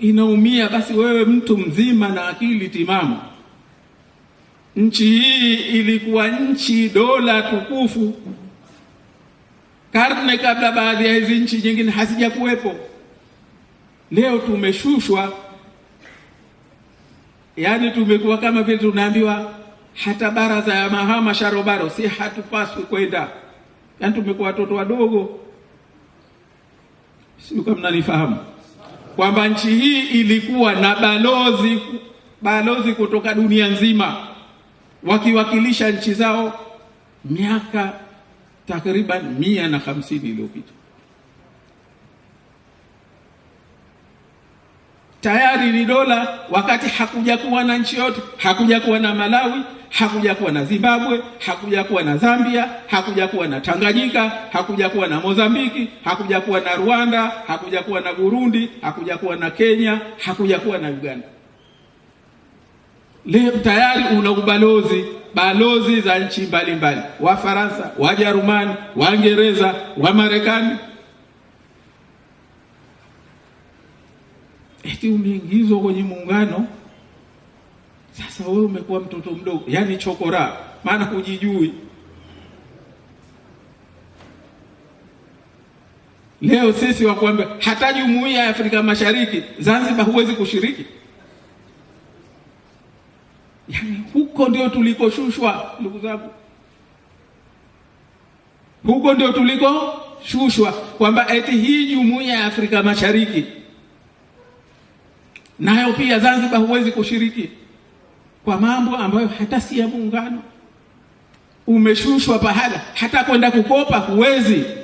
inaumia, basi wewe mtu mzima na akili timamu. Nchi hii ilikuwa nchi dola tukufu karne kabla, baadhi ya hizi nchi nyingine hazijakuwepo. Leo tumeshushwa, yaani tumekuwa kama vile tunaambiwa hata baraza ya mahama sharobaro, si hatupaswi kwenda, yaani tumekuwa watoto wadogo, siuka mnanifahamu kwamba nchi hii ilikuwa na balozi balozi kutoka dunia nzima wakiwakilisha nchi zao miaka takriban mia na hamsini iliyopita. tayari ni dola, wakati hakuja kuwa na nchi yote, hakuja kuwa na Malawi, hakuja kuwa na Zimbabwe, hakuja kuwa na Zambia, hakuja kuwa na Tanganyika, hakuja kuwa na Mozambiki, hakuja kuwa na Rwanda, hakuja kuwa na Burundi, hakuja kuwa na Kenya, hakuja kuwa na Uganda. Leo tayari una ubalozi, balozi za nchi mbalimbali, Wafaransa, Wajerumani, Waingereza, wa Marekani. eti umeingizwa kwenye muungano. Sasa wewe umekuwa mtoto mdogo, yaani chokora, maana hujijui. Leo sisi wakuambia hata jumuiya ya Afrika Mashariki Zanzibar huwezi kushiriki. Yaani huko ndio tulikoshushwa, ndugu zangu, huko ndio tulikoshushwa kwamba eti hii jumuiya ya Afrika Mashariki nayo pia Zanzibar huwezi kushiriki kwa mambo ambayo hata si ya muungano, umeshushwa pahala, hata kwenda kukopa huwezi.